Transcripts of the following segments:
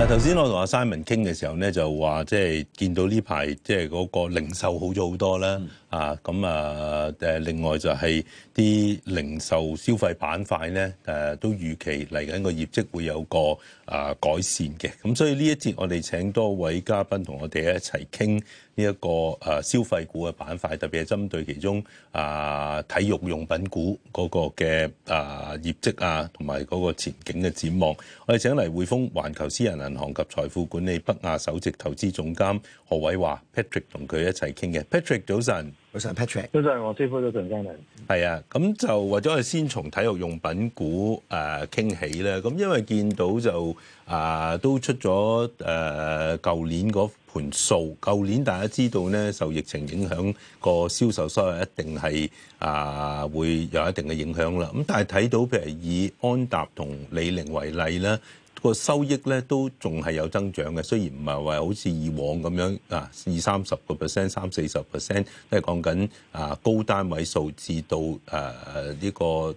但，頭先我同阿 Simon 傾嘅時候咧，就話即係見到呢排即係嗰個零售好咗好多啦。嗯啊，咁啊，另外就係啲零售消費板塊咧，誒、啊，都預期嚟緊個業績會有個啊改善嘅。咁、啊、所以呢一節我哋請多位嘉賓同我哋一齊傾呢一個啊消費股嘅板塊，特別係針對其中啊體育用品股嗰個嘅啊業績啊，同埋嗰個前景嘅展望。我哋請嚟匯豐環球私人銀行及財富管理北亞首席投資總監何偉華 Patrick 同佢一齊傾嘅。Patrick，早晨。早晨 Patrick，早晨黃師傅，早晨，早晨。係啊，咁就為咗係先從體育用品股誒傾、啊、起咧。咁因為見到就啊，都出咗誒舊年嗰盤數。舊年大家知道咧，受疫情影響個銷售收入一定係啊會有一定嘅影響啦。咁但係睇到譬如以安踏同李寧為例咧。個收益咧都仲係有增長嘅，雖然唔係話好似以往咁樣啊，二三十個 percent、三四十 percent 即係講緊啊高單位數至到誒呢個誒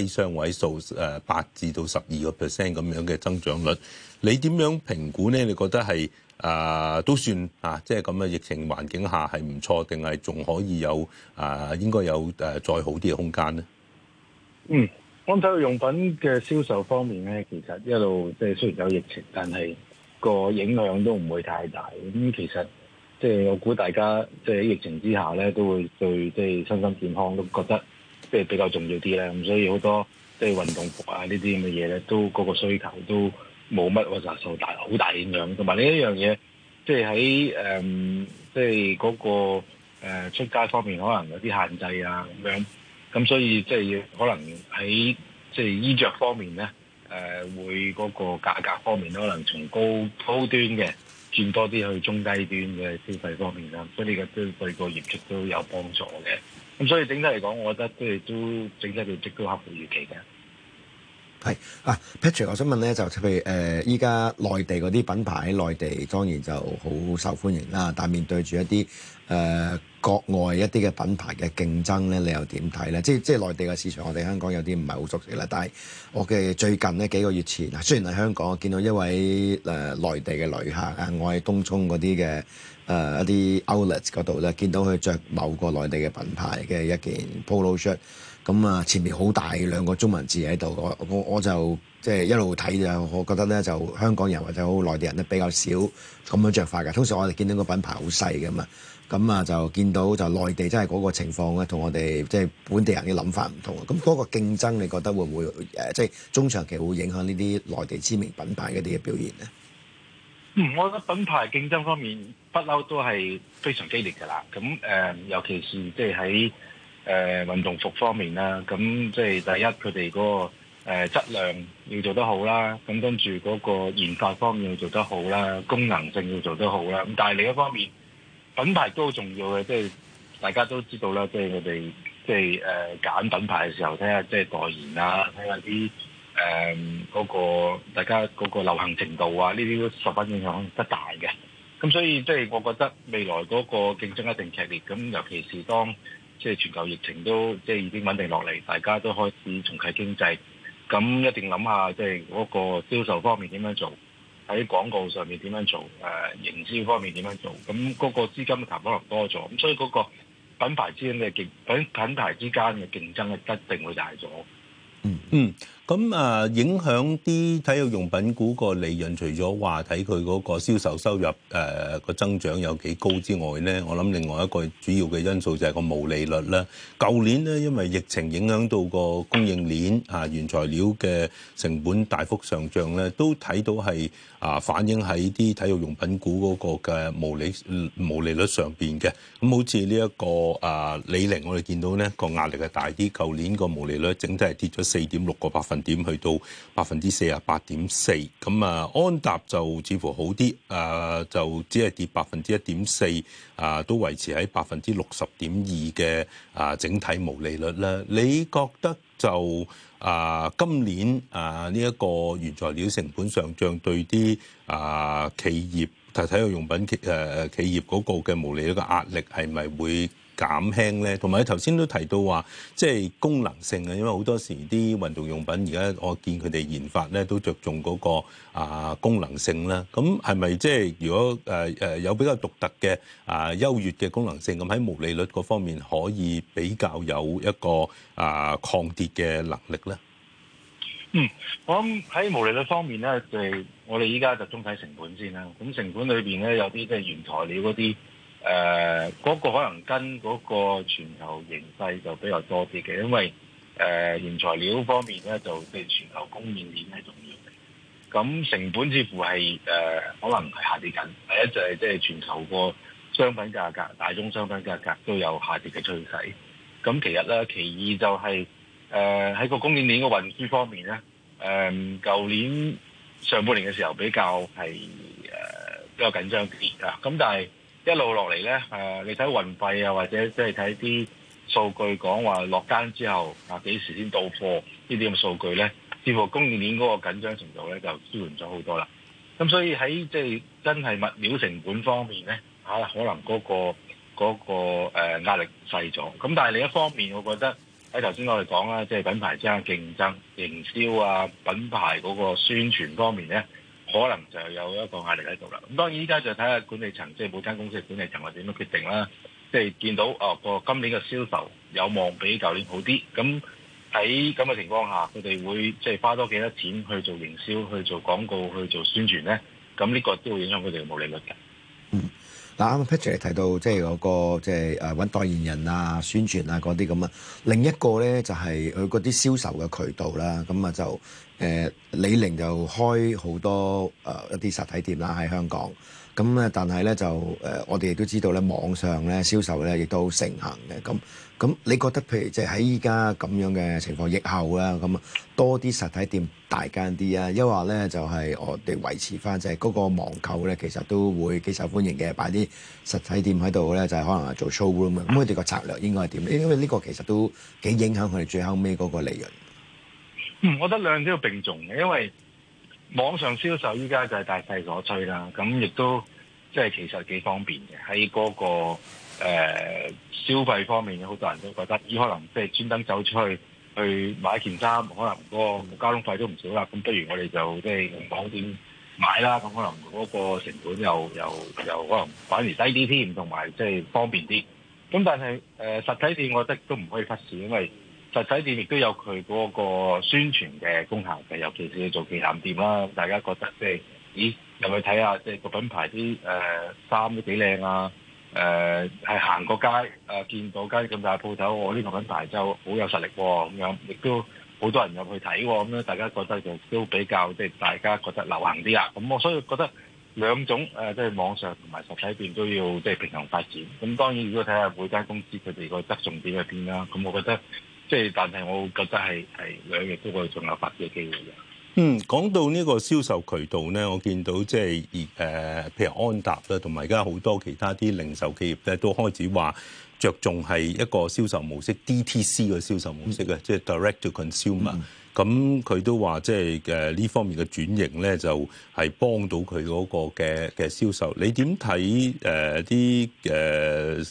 低雙位數誒八至到十二個 percent 咁樣嘅增長率。你點樣評估呢？你覺得係啊都算啊，即係咁嘅疫情環境下係唔錯，定係仲可以有啊應該有誒再好啲嘅空間呢？嗯。我體育用品嘅銷售方面咧，其實一路即係雖然有疫情，但係個影響都唔會太大。咁其實即係我估大家即係喺疫情之下咧，都會對即係身心健康都覺得即係比較重要啲咧。咁所以好多即係運動服啊呢啲咁嘅嘢咧，都嗰個需求都冇乜話受大好大影響。同埋呢一樣嘢，即係喺誒即係嗰個出街方面，可能有啲限制啊咁樣。咁所以即係可能喺即係衣着方面咧，誒、呃、會嗰個價格方面可能從高高端嘅轉多啲去中低端嘅消費方面啦，所以呢個都對個業績都有幫助嘅。咁所以整體嚟講，我覺得即係都整體業績都合乎預期嘅。係啊，Patrick，我想問咧，就譬如誒，依家內地嗰啲品牌喺內地當然就好受歡迎啦，但面對住一啲誒、呃國外一啲嘅品牌嘅競爭咧，你又點睇咧？即即係內地嘅市場，我哋香港有啲唔係好熟悉啦。但係我嘅最近呢幾個月前，雖然喺香港，我見到一位誒、呃、內地嘅旅客啊，我喺東涌嗰啲嘅誒一啲 outlets 嗰度咧，見到佢着某個內地嘅品牌嘅一件 polo shirt，咁、嗯、啊前面好大兩個中文字喺度，我我我就即係一路睇就，我覺得咧就香港人或者好內地人咧比較少咁樣着法㗎。通常我哋見到個品牌好細嘅嘛。咁啊，就見到就內地真係嗰個情況咧，同我哋即係本地人嘅諗法唔同啊！咁嗰個競爭，你覺得會唔會誒，即係中長期會影響呢啲內地知名品牌嗰啲嘅表現咧？嗯，我覺得品牌競爭方面不嬲都係非常激烈噶啦。咁誒，尤其是即係喺誒運動服方面啦。咁即係第一，佢哋嗰個誒質量要做得好啦。咁跟住嗰個研發方面要做得好啦，功能性要做得好啦。咁但係另一方面，品牌都好重要嘅，即係大家都知道啦，即係我哋即係誒揀品牌嘅時候，睇下即係代言啊，睇下啲誒嗰個大家嗰個流行程度啊，呢啲都十分影響得大嘅。咁所以即係我覺得未來嗰個競爭一定劇烈，咁尤其是當即係全球疫情都即係已經穩定落嚟，大家都開始重啟經濟，咁一定諗下即係嗰個銷售方面點樣做。喺廣告上面點樣做？誒、呃，營銷方面點樣做？咁嗰個資金嘅投可能多咗，咁所以嗰個品牌之間嘅競，品品牌之間嘅競爭係一定會大咗，嗯。嗯嗯。咁啊，影響啲體育用品股個利潤，除咗話睇佢嗰個銷售收入誒個增長有幾高之外咧，我諗另外一個主要嘅因素就係個毛利率啦。舊年咧，因為疫情影響到個供應鏈啊，原材料嘅成本大幅上漲咧，都睇到係啊反映喺啲體育用品股嗰個嘅毛利毛利率上邊嘅。咁好似呢一個啊李寧，我哋見到咧個壓力係大啲，舊年個毛利率整體係跌咗四點六個百分點。點去到百分之四十八點四咁啊。安踏就似乎好啲，啊就只係跌百分之一點四，啊都維持喺百分之六十點二嘅啊整體毛利率啦。你覺得就啊今年啊呢一個原材料成本上漲對啲啊企業就體育用品誒誒、啊、企業嗰個嘅毛利率嘅壓力係咪會減輕咧，同埋你頭先都提到話，即係功能性啊，因為好多時啲運動用品而家我見佢哋研發咧，都着重嗰個啊功能性啦。咁係咪即係如果、呃呃、有比較獨特嘅啊優越嘅功能性咁喺毛利率嗰方面可以比較有一個啊抗跌嘅能力咧？嗯，我諗喺毛利率方面咧，就係我哋依家就集中睇成本先啦。咁成本裏面咧有啲即係原材料嗰啲。誒嗰、呃那個可能跟嗰個全球形勢就比較多啲嘅，因為誒、呃、原材料方面咧就即係全球供應鏈係重要嘅，咁成本似乎係誒、呃、可能係下跌緊，第一就係即係全球個商品價格、大宗商品價格都有下跌嘅趨勢。咁其實咧，其二就係誒喺個供應鏈嘅運輸方面咧，誒、呃、舊年上半年嘅時候比較係誒、呃、比較緊張啲㗎，咁但係。一路落嚟呢，誒，你睇運費啊，或者即係睇啲數據講話落單之後啊，幾時先到貨呢啲咁數據呢，似乎供應鏈嗰個緊張程度呢，就舒緩咗好多啦。咁所以喺即係真係物料成本方面呢，吓，可能嗰個嗰個，誒，壓力細咗。咁但係另一方面，我覺得喺頭先我哋講啦，即係品牌之間競爭、營銷啊、品牌嗰個宣傳方面呢。可能就有一個壓力喺度啦。咁當然依家就睇下管理層，即係每間公司嘅管理層係點樣決定啦。即係見到哦，個今年嘅銷售有望比舊年好啲。咁喺咁嘅情況下，佢哋會即係花多幾多錢去做營銷、去做廣告、去做宣傳咧？咁呢個都會影響佢哋嘅毛利率嘅。嗱，啱啱 Patrick 嚟提到，即係嗰個即係誒揾代言人啊、宣傳啊嗰啲咁啊。另一個咧就係佢嗰啲銷售嘅渠道啦。咁啊就誒、呃、李寧就開好多誒、呃、一啲實體店啦、啊、喺香港。咁咧，但係咧就、呃、我哋亦都知道咧，網上咧銷售咧亦都好盛行嘅。咁咁，你覺得譬如即係喺依家咁樣嘅情況疫後啦，咁多啲實體店大間啲啊，抑或咧就係、是、我哋維持翻，就係、是、嗰個網購咧，其實都會幾受歡迎嘅。擺啲實體店喺度咧，就係、是、可能係做 showroom 咁佢哋、嗯、個策略應該係點咧？因為呢個其實都幾影響佢哋最後尾嗰個利潤。我覺得兩者要並重嘅，因為。網上銷售依家就係大勢所趨啦，咁亦都即係其實幾方便嘅。喺嗰、個、呃、消費方面，好多人都覺得，咦？可能即係專登走出去去買件衫，可能嗰個交通費都唔少啦。咁不如我哋就即係網店買啦。咁可能嗰個成本又又又可能反而低啲添，同埋即係方便啲。咁但係誒、呃、實體店，我覺得都唔可以忽視，因為實體店亦都有佢嗰個宣傳嘅功效嘅，尤其是做旗艦店啦，大家覺得即係，咦，入去睇下，即係個品牌啲誒衫都幾靚啊，誒係行個街誒見到間咁大鋪頭，我呢個品牌就好有實力喎，咁樣亦都好多人入去睇喎，咁樣大家覺得就都比較即係大家覺得流行啲啊，咁我所以覺得兩種誒，即係網上同埋實體店都要即係平衡發展。咁當然如果睇下每間公司佢哋個側重點喺邊啦，咁我覺得。即係，但係我覺得係係兩日都係仲有發嘅機會嘅。嗯，講到呢個銷售渠道咧，我見到即係、呃、譬如安踏啦，同埋而家好多其他啲零售企業咧，都開始話着重係一個銷售模式 DTC 嘅銷售模式嘅，嗯、即係 direct to consumer、嗯。咁佢、嗯、都話即係呢方面嘅轉型咧，就係幫到佢嗰個嘅嘅銷售。你點睇、呃、啲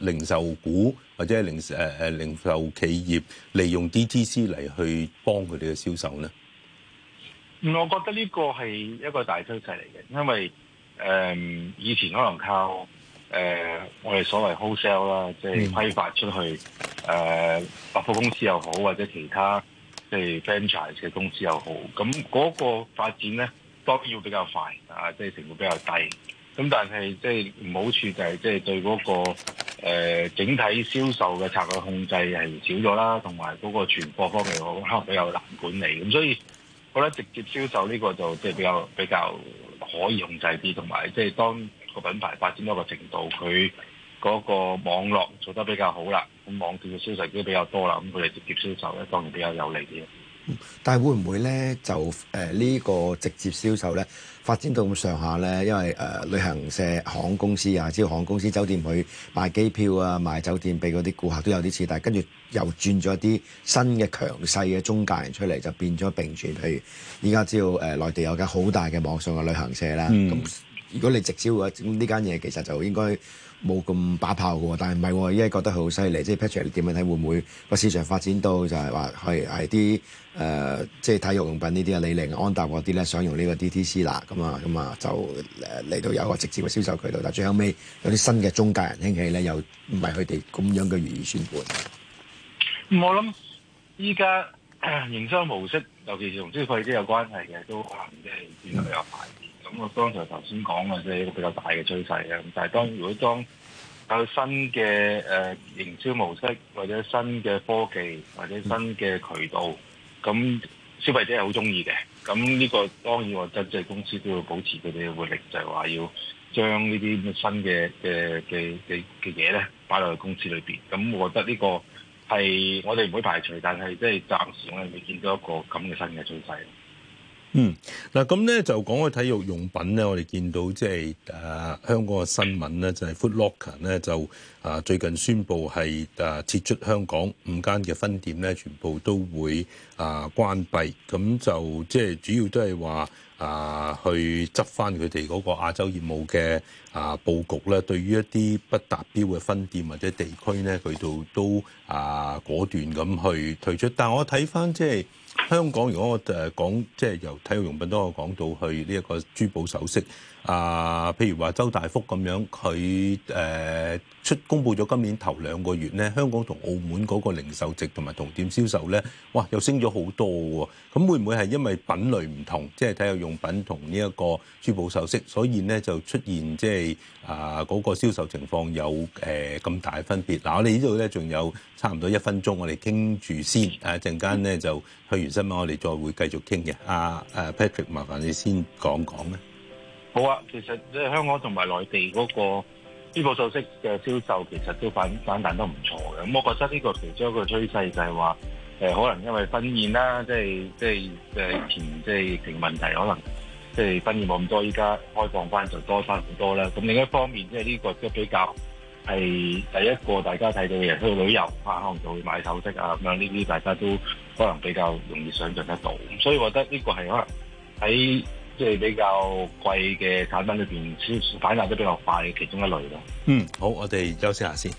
零售股或者零、呃、零售企業利用 DTC 嚟去幫佢哋嘅銷售咧？我覺得呢個係一個大趨勢嚟嘅，因為誒、嗯、以前可能靠誒、呃、我哋所謂 wholesale 啦，即係批發出去誒、呃、百貨公司又好，或者其他即係 franchise 嘅公司又好，咁嗰個發展咧，當然要比較快啊，即、就、係、是、成本比較低。咁但係即係唔好處就係即係對嗰、那個、呃、整體銷售嘅策略控制係少咗啦，同埋嗰個存貨方面可能比較難管理，咁所以。好啦，我覺得直接銷售呢個就即係比較比較可以控制啲，同埋即係當個品牌發展一個程度，佢嗰個網絡做得比較好啦，咁網店嘅銷售都比較多啦，咁佢哋直接銷售咧當然比較有利啲。但係會唔會咧？就誒呢、呃這個直接銷售咧，發展到咁上下咧？因為誒、呃、旅行社行公司啊，招行公司，行公司酒店去賣機票啊，賣酒店俾嗰啲顧客都有啲似，但跟住又轉咗啲新嘅強勢嘅中介人出嚟，就變咗並存。譬如依家知道誒、呃、內地有間好大嘅網上嘅旅行社啦，咁、嗯、如果你直銷嘅話咁呢間嘢，其實就應該。冇咁把炮嘅，但係唔係，我依家覺得好犀利。即係 Patrick 你點樣睇？會唔會個市場發展到就係話係係啲誒，即係體育用品呢啲啊，李寧、安踏嗰啲咧，想用呢個 DTC 啦，咁啊，咁啊，就嚟到有個直接嘅銷售渠道。但最後尾有啲新嘅中介人興起咧，又唔係佢哋咁樣嘅如意算盤。我諗依家營銷模式，尤其是同消費啲有關係嘅，都可能即係變得比較快。咁我剛才頭先講嘅即係一個比較大嘅趨勢啊！咁但係當如果當有新嘅誒營銷模式，或者新嘅科技，或者新嘅渠道，咁消費者係好中意嘅。咁呢個當然我覺得即係公司都要保持佢哋嘅活力，就係話要將呢啲新嘅嘅嘅嘅嘅嘢咧擺落去公司裏邊。咁我覺得呢個係我哋唔會排除，但係即係暫時我哋未見到一個咁嘅新嘅趨勢。嗯，嗱咁咧就講開體育用品咧，我哋見到即係誒香港嘅新聞咧，就係、是、Footlocker 咧就啊最近宣布係誒、啊、撤出香港五間嘅分店咧，全部都會啊關閉，咁就即係、就是、主要都係話啊去執翻佢哋嗰個亞洲業務嘅啊佈局咧，對於一啲不達標嘅分店或者地區咧，佢就都啊果斷咁去退出，但我睇翻即係。香港如果我誒講，即係由體育用品都有講到去呢一個珠寶首飾啊，譬如話周大福咁樣，佢誒出公佈咗今年頭兩個月咧，香港同澳門嗰個零售值同埋同店銷售咧，哇，又升咗好多喎！咁會唔會係因為品類唔同，即係體育用品同呢一個珠寶首飾，所以咧就出現即係啊嗰個銷售情況有誒咁大分別？嗱，我哋呢度咧仲有差唔多一分鐘，我哋傾住先，誒陣間咧就去完。今日我哋再會繼續傾嘅，阿誒 Patrick，麻煩你先講講咧。好啊，其實即係香港同埋內地嗰個呢個首飾嘅銷售，其實都反反彈得唔錯嘅。咁我覺得呢個其中一個趨勢就係話，誒可能因為婚宴啦，即係即係誒前即係疫情問題，可能即係婚宴冇咁多，依家開放翻就多翻好多啦。咁另一方面，即係呢個都比較係第一個大家睇到嘅，去旅遊啊，可能就會買首飾啊咁樣呢啲，大家都可能比較容易想像得到，所以我覺得呢個係可能喺即係比較貴嘅產品裏邊反彈得比較快嘅其中一類咯。嗯，好，我哋休息下先。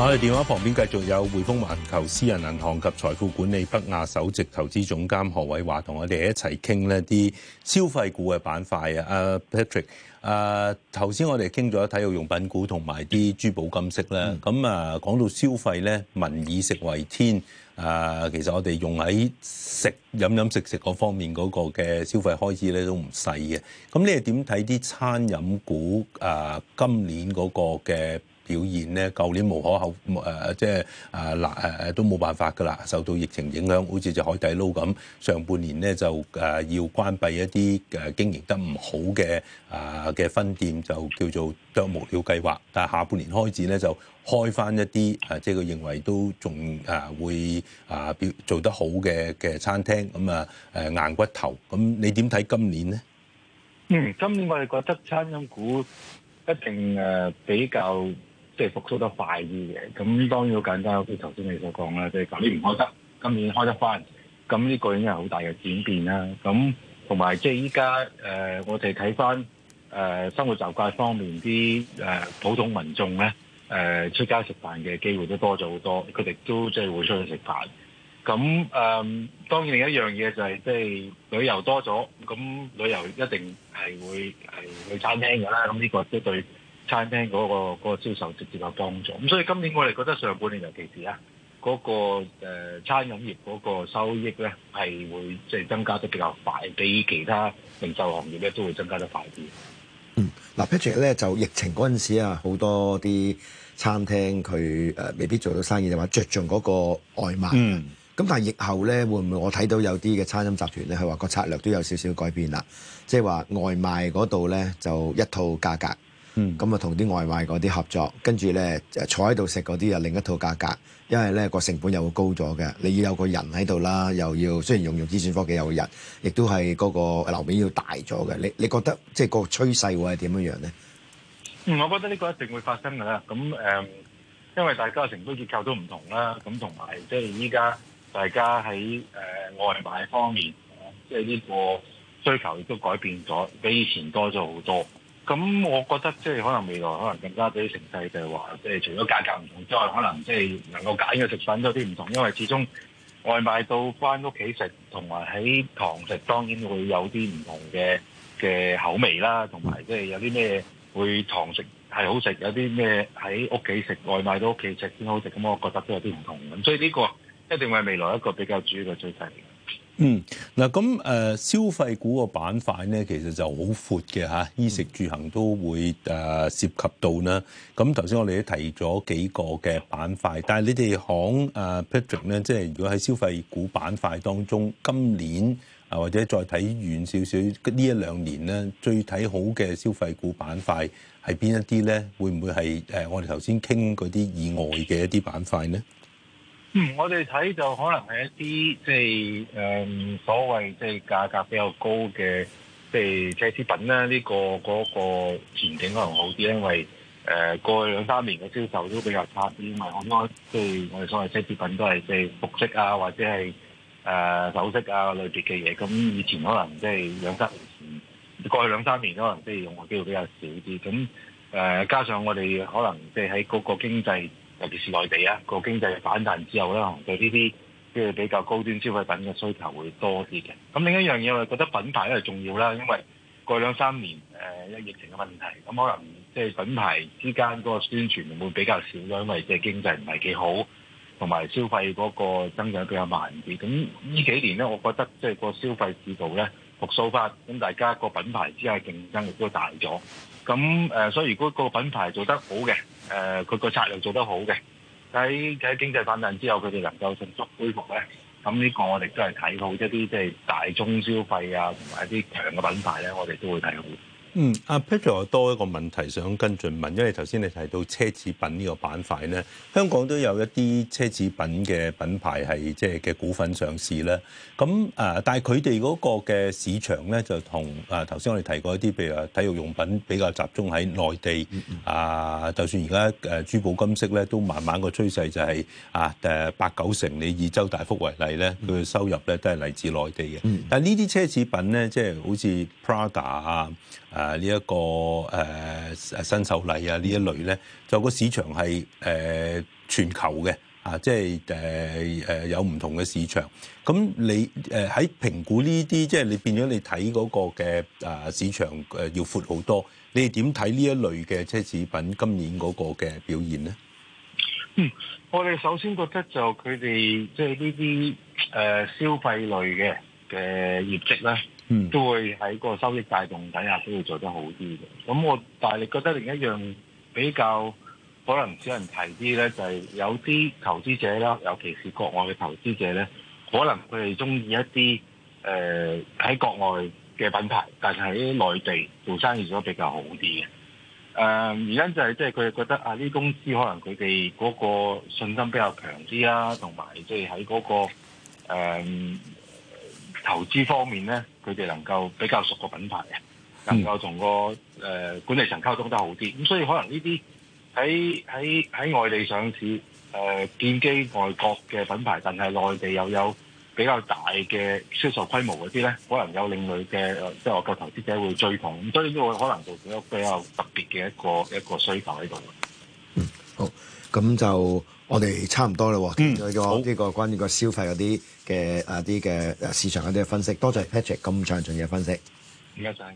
我哋電話旁邊繼續有匯豐環球私人銀行及財富管理北亞首席投資總監何偉華同我哋一齊傾呢啲消費股嘅板塊啊。阿、uh, Patrick，啊頭先我哋傾咗體育用品股同埋啲珠寶金飾。啦、嗯，咁啊講到消費咧，民以食為天。啊，其實我哋用喺食飲飲食食嗰方面嗰個嘅消費開支咧都唔細嘅，咁你點睇啲餐飲股啊？今年嗰個嘅表現咧，舊年無可後誒，即係啊，嗱誒誒，都冇辦法㗎啦，受到疫情影響，好似隻海底撈咁，上半年咧就誒要關閉一啲誒經營得唔好嘅啊嘅分店，就叫做啄木鳥計劃。但係下半年開始咧，就開翻一啲啊，即係佢認為都仲誒會啊，表做得好嘅嘅餐廳。咁啊誒硬骨頭。咁、呃呃、你點睇今年咧？嗯，今年我哋覺得餐飲股一定誒比較。即係復甦得快啲嘅，咁當然好簡單。好似頭先你所講啦，即係舊年唔開得，今年開得翻，咁呢個已經係好大嘅轉變啦。咁同埋即係依家誒，我哋睇翻誒生活習慣方面啲誒、呃、普通民眾咧，誒、呃、出街食飯嘅機會都多咗好多，佢哋都即係會出去食飯。咁誒、呃、當然另一樣嘢就係即係旅遊多咗，咁旅遊一定係會係去餐廳㗎啦。咁呢個即對餐廳嗰個嗰個銷售直接有幫助，咁，所以今年我哋覺得上半年，尤其是啊嗰個、呃、餐飲業嗰個收益咧，係會即係增加得比較快，比其他零售行業咧都會增加得快啲。嗯，嗱，呃，Patrick 咧就疫情嗰陣時啊，好多啲餐廳佢誒、呃、未必做到生意，就話着重嗰個外賣。嗯，咁但係疫後咧，會唔會我睇到有啲嘅餐飲集團咧，係話個策略都有少少改變啦，即係話外賣嗰度咧就一套價格。嗯，咁啊同啲外賣嗰啲合作，跟住咧坐喺度食嗰啲又另一套價格，因為咧個成本又會高咗嘅。你要有個人喺度啦，又要雖然用用資訊科技有個人，亦都係嗰個樓面要大咗嘅。你你覺得即係個趨勢會係點樣呢？咧？嗯，我覺得呢個一定會發生㗎喇。咁、嗯、因為大家嘅成本結構都唔同啦，咁同埋即係依家大家喺、呃、外賣方面，即係呢個需求亦都改變咗，比以前多咗好多。咁我覺得即係可能未來可能更加畀啲城勢就係話，即係除咗價格唔同之外，可能即係能夠揀嘅食品都有啲唔同，因為始終外賣到返屋企食同埋喺堂食，當然會有啲唔同嘅嘅口味啦，同埋即係有啲咩會堂食係好食，有啲咩喺屋企食外賣到屋企食先好食，咁我覺得都有啲唔同咁，所以呢個一定係未來一個比較主要嘅趨勢。嗯，嗱咁誒消費股個板塊咧，其實就好闊嘅嚇，衣、啊、食住行都會誒、啊、涉及到啦。咁頭先我哋都提咗幾個嘅板塊，但係你哋行誒、啊、Patrick 咧，即係如果喺消費股板塊當中，今年啊或者再睇遠少少呢一兩年咧，最睇好嘅消費股板塊係邊一啲咧？會唔會係誒我哋頭先傾嗰啲意外嘅一啲板塊咧？嗯，我哋睇就可能係一啲即係誒、嗯、所謂即係價格比較高嘅即係奢侈品啦，呢、這個嗰、那個前景可能好啲，因為誒、呃、過去兩三年嘅銷售都比較差啲，因為好多即係我哋所謂奢侈品都係即係服飾啊，或者係誒、呃、首飾啊類別嘅嘢。咁、嗯、以前可能即係兩三年前過去兩三年可能即係用嘅機會比較少啲。咁誒、呃、加上我哋可能即係喺嗰個經濟。尤其是內地啊，個經濟嘅反彈之後咧，對呢啲即係比較高端消費品嘅需求會多啲嘅。咁另一樣嘢我係覺得品牌咧係重要啦，因為過兩三年誒，因疫情嘅問題，咁可能即係品牌之間嗰個宣傳會比較少咯，因為即係經濟唔係幾好，同埋消費嗰個增長比較慢啲。咁呢幾年咧，我覺得即係個消費市道咧。復甦法，咁大家個品牌之下競爭力都大咗，咁誒，所以如果個品牌做得好嘅，誒、呃，佢個策略做得好嘅，喺喺經濟反彈之後，佢哋能夠迅速恢復咧，咁呢個我哋都係睇好一啲即係大宗消費啊，同埋一啲強嘅品牌咧，我哋都會睇好。嗯，阿 Peter 有多一個問題想跟進問，因為頭先你提到奢侈品呢個板塊咧，香港都有一啲奢侈品嘅品牌係即係嘅股份上市啦。咁誒，但係佢哋嗰個嘅市場咧就同誒頭先我哋提過一啲，譬如話體育用品比較集中喺內地。啊、嗯，嗯、就算而家誒珠寶金飾咧，都慢慢個趨勢就係啊誒八九成，你以周大福為例咧，佢嘅收入咧都係嚟自內地嘅。但係呢啲奢侈品咧，即係好似 Prada 啊。啊！呢、這、一個誒新秀麗啊，呢、啊、一類咧，就個市場係誒、啊、全球嘅啊，即係誒誒有唔同嘅市場。咁你誒喺、啊、評估呢啲，即、就、係、是、你變咗你睇嗰個嘅啊市場誒要闊好多。你點睇呢一類嘅奢侈品今年嗰個嘅表現咧？嗯，我哋首先覺得就佢哋即係呢啲誒消費類嘅嘅業績咧。嗯，都會喺個收益帶動底下都會做得好啲嘅。咁我但係你覺得另一樣比較可能少人提啲咧，就係、是、有啲投資者啦，尤其是國外嘅投資者咧，可能佢哋中意一啲誒喺國外嘅品牌，但係喺內地做生意做得比較好啲嘅。誒、呃，而家就係即係佢哋覺得啊，啲公司可能佢哋嗰個信心比較強啲啦，同埋即係喺嗰個、呃投資方面咧，佢哋能夠比較熟個品牌啊，能夠同個誒管理層溝通得好啲，咁所以可能呢啲喺喺喺外地上市誒建基外國嘅品牌，但係內地又有比較大嘅銷售規模嗰啲咧，可能有另類嘅即係外國投資者會追捧，咁所以呢個可能就比較特別嘅一個一個需求喺度。嗯，好，咁就我哋差唔多啦，講呢個關於個消費嗰啲。嘅啊啲嘅、啊、市場嗰啲嘅分析，多謝 Patrick 咁詳盡嘅分析。唔該晒。